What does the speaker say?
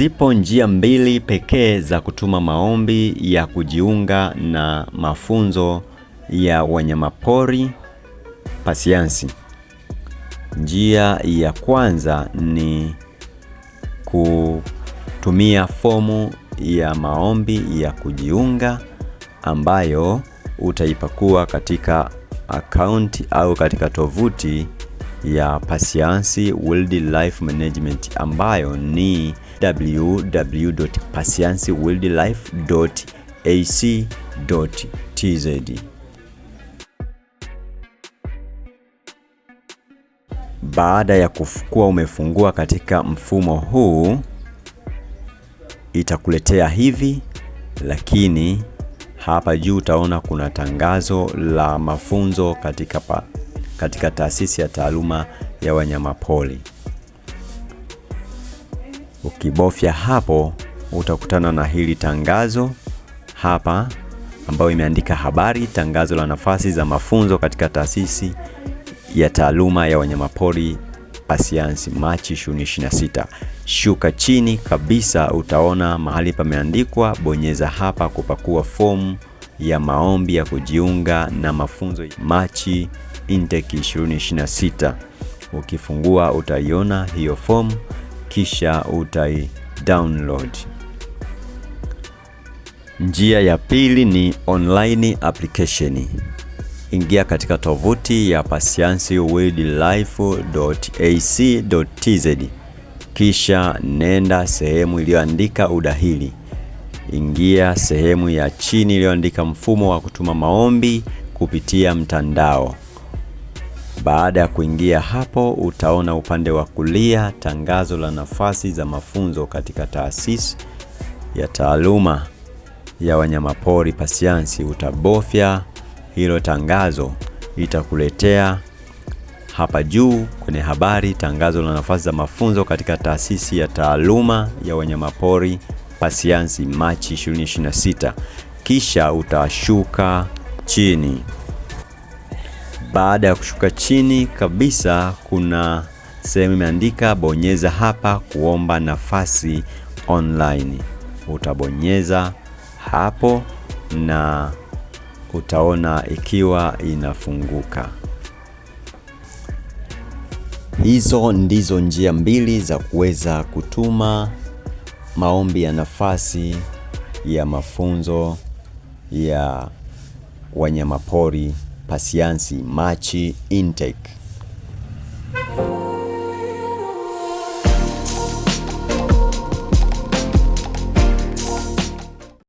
Zipo njia mbili pekee za kutuma maombi ya kujiunga na mafunzo ya wanyamapori pasiansi. Njia ya kwanza ni kutumia fomu ya maombi ya kujiunga ambayo utaipakua katika akaunti au katika tovuti ya Pasiansi Life Management ambayo ni www.pasiansiwildlife.ac.tz. Baada ya kuwa umefungua katika mfumo huu, itakuletea hivi, lakini hapa juu utaona kuna tangazo la mafunzo katika pa katika taasisi ya taaluma ya wanyamapori. Ukibofya hapo utakutana na hili tangazo hapa ambayo imeandika habari, tangazo la nafasi za mafunzo katika taasisi ya taaluma ya wanyamapori Pasiansi, Machi 26. Shuka chini kabisa, utaona mahali pameandikwa, bonyeza hapa kupakua fomu ya maombi ya kujiunga na mafunzo Machi Intake 2026. Ukifungua utaiona hiyo fomu kisha utai download. Njia ya pili ni online application. Ingia katika tovuti ya pasiansiwildlife.ac.tz, kisha nenda sehemu iliyoandika udahili ingia sehemu ya chini iliyoandika mfumo wa kutuma maombi kupitia mtandao. Baada ya kuingia hapo, utaona upande wa kulia tangazo la nafasi za mafunzo katika taasisi ya taaluma ya wanyamapori Pasiansi. Utabofya hilo tangazo, itakuletea hapa juu kwenye habari, tangazo la nafasi za mafunzo katika taasisi ya taaluma ya wanyamapori Pasianzi Machi 2026, kisha utashuka chini. Baada ya kushuka chini kabisa, kuna sehemu imeandika bonyeza hapa kuomba nafasi online. Utabonyeza hapo na utaona ikiwa inafunguka. Hizo ndizo njia mbili za kuweza kutuma maombi ya nafasi ya mafunzo ya wanyamapori, pasiansi, machi, intake.